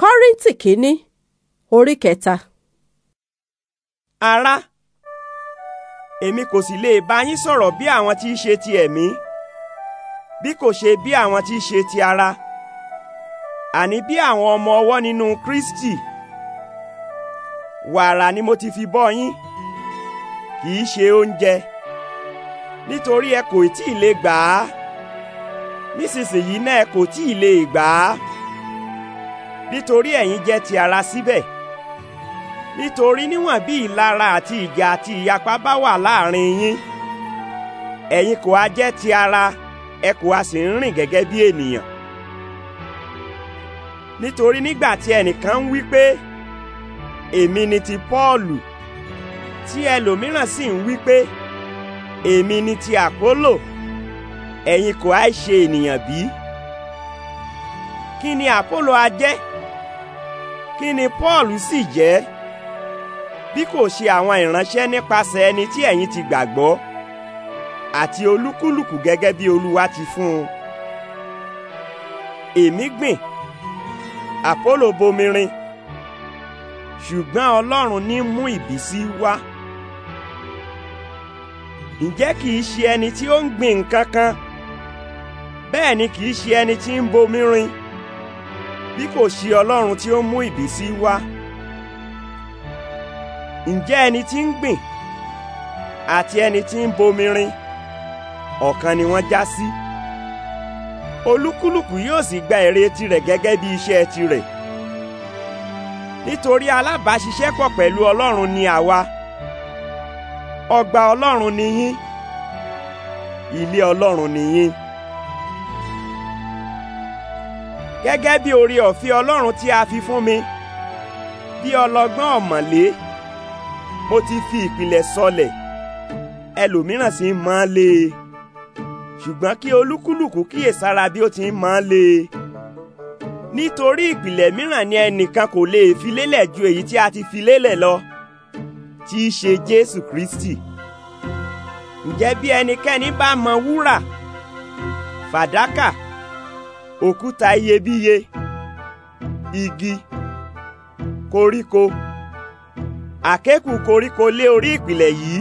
kọ́ríntì kínní orí kẹta. Ara, èmi kò sì lè bá yín sọ̀rọ̀ bí àwọn tí í ṣe ti ẹ̀mí bí kò ṣe bí àwọn tí í ṣe ti ara àní bí àwọn ọmọ ọwọ́ nínú Kristi wàrà ni mo ti fi bọ́ yín kì í ṣe oúnjẹ nítorí ẹ kò tí ì lè gbà á nísinsìnyí náà ẹ kò tí ì lè gbà á nítorí ẹ̀yin jẹ́ ti ara síbẹ̀ nítorí níwọ̀n bí ìlara àti ìjà àti ìyapa bá wà láàrin yín ẹ̀yin kò á jẹ́ ti ara ẹ kò á sì ń rìn gẹ́gẹ́ bí ènìyàn nítorí nígbà tí ẹnìkan wí pé èmi ni ti Pọ́ọ̀lù tí ẹlòmíràn sì ń wí pé èmi ni ti Àpólò ẹ̀yin kò á ṣe ènìyàn bí kí ni Àpólò á kí ni Paul sì jẹ́ bí kò ṣe àwọn ìránṣẹ́ nípasẹ̀ ẹni tí ẹ̀yin ti gbàgbọ́ àti olúkúlùkù gẹ́gẹ́ bí Olúwa ti fún un èmi gbìn Àpólò bomirin ṣùgbọ́n Ọlọ́run ní mú ìbísí wá ǹjẹ́ kìí ṣe ẹni tí ó ń gbìn nǹkan kan bẹ́ẹ̀ ni kìí ṣe ẹni tí ń bomirin bí kò ṣe ọlọ́run tí ó mú ìbísí wá ǹjẹ́ ẹni tí ń gbìn àti ẹni tí ń bomirin ọ̀kan ni wọ́n já sí olúkúlùkù yóò sì gba èrè tirẹ̀ gẹ́gẹ́ bí iṣẹ́ tirẹ̀ nítorí alábàáṣiṣẹ́pọ̀ pẹ̀lú ọlọ́run ni àwa ọgbà ọlọ́run ni yín ilé ọlọ́run ni yín. gẹ́gẹ́ bí oore ọ̀fẹ́ Ọlọ́run tí a fi fún mi bí ọlọ́gbọ́n ọ̀mọ̀lé mo ti fi ìpìlẹ̀ sọlẹ̀ ẹlòmíràn sì ń mọ̀ lé e ṣùgbọ́n kí olúkúlùkù kíyèsára bí ó ti ń mọ̀ lé e nítorí ìpìlẹ̀ mìíràn ni ẹnìkan kò lè fi lélẹ̀ ju èyí tí a ti fi lélẹ̀ lọ tí í ṣe Jésù Kristi ǹjẹ́ bí ẹnikẹ́ni bá mọ wúrà fàdákà òkúta iyebíye igi koríko àkékù koríko lé orí ìpìlẹ̀ yìí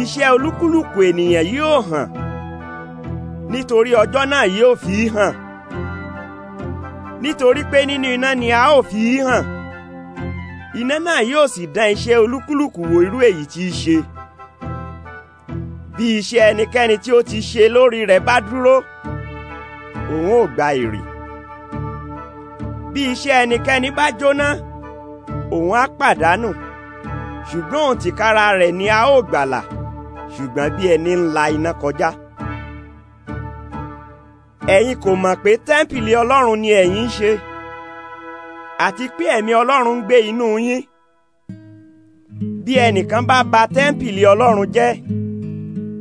iṣẹ́ olúkúlùkù ènìyàn yóò hàn nítorí ọjọ́ náà yóò fi hàn nítorí pé nínú iná ni a ó fi hàn iná náà yóò sì dán iṣẹ́ olúkúlùkù wò irú èyí tí í ṣe bí iṣẹ́ ẹnikẹ́ni tí ó ti ṣe lórí rẹ̀ bá dúró òun ò gba èrè bí iṣẹ́ ẹnikẹ́ni bá jóná òun á pàdánù ṣùgbọ́n òun tìkára rẹ̀ ni a ó gbàlà ṣùgbọ́n bí ẹni ń la iná kọjá ẹ̀yin kò mọ̀ pé tẹ́ḿpìlì ọlọ́run ni ẹ̀yin ń ṣe àti pé ẹ̀mí ọlọ́run ń gbé inú yín bí ẹnìkan bá ba tẹ́ḿpìlì ọlọ́run jẹ́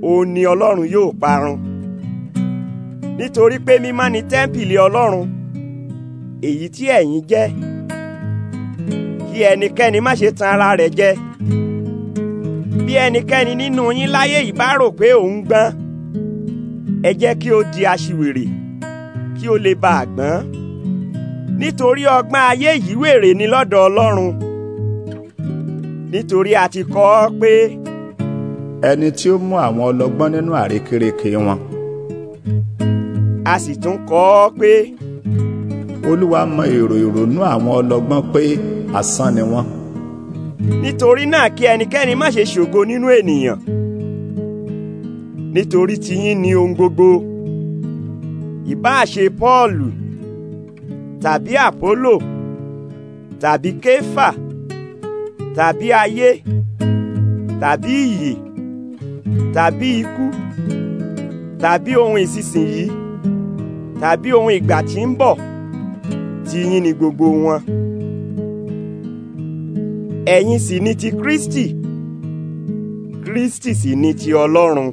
òun ni ọlọ́run yóò parun nítorí pé mímọ́ ni tẹ́ḿpìlì ọlọ́run èyí tí ẹ̀yin jẹ́ kí ẹnikẹ́ni má ṣe tan ara rẹ̀ jẹ bí ẹnikẹ́ni nínú yín láyé yìí bá rò pé òun gbọ́n ẹ jẹ́ kí ó di aṣiwèrè kí ó lè bá a gbọ́n nítorí ọgbọ́n ayé yìí wèrè ni lọ́dọ̀ ọlọ́run nítorí a ti kọ ọ́ pé. ẹni tí ó mú àwọn ọlọ́gbọ́n nínú àrékérekè wọn a sì tún kọ ọ́ pé. olúwa mọ èrò ìrònú àwọn ọlọ́gbọ́n pé asán ni wọ́n. nítorí náà kí ẹnikẹ́ni má ṣe ṣògo nínú ènìyàn nítorí tiyín ni ohun gbogbo ìbáà ṣe pọ́ọ̀lù tàbí àpólò tàbí kéfà tàbí ayé tàbí ìyè tàbí ikú tàbí ohun ìsinsìnyí tàbí ohun ìgbà tí ń bọ̀ tiyín ni gbogbo wọn ẹ̀yin sì ni ti Kristi Kristi sì ni ti Ọlọ́run.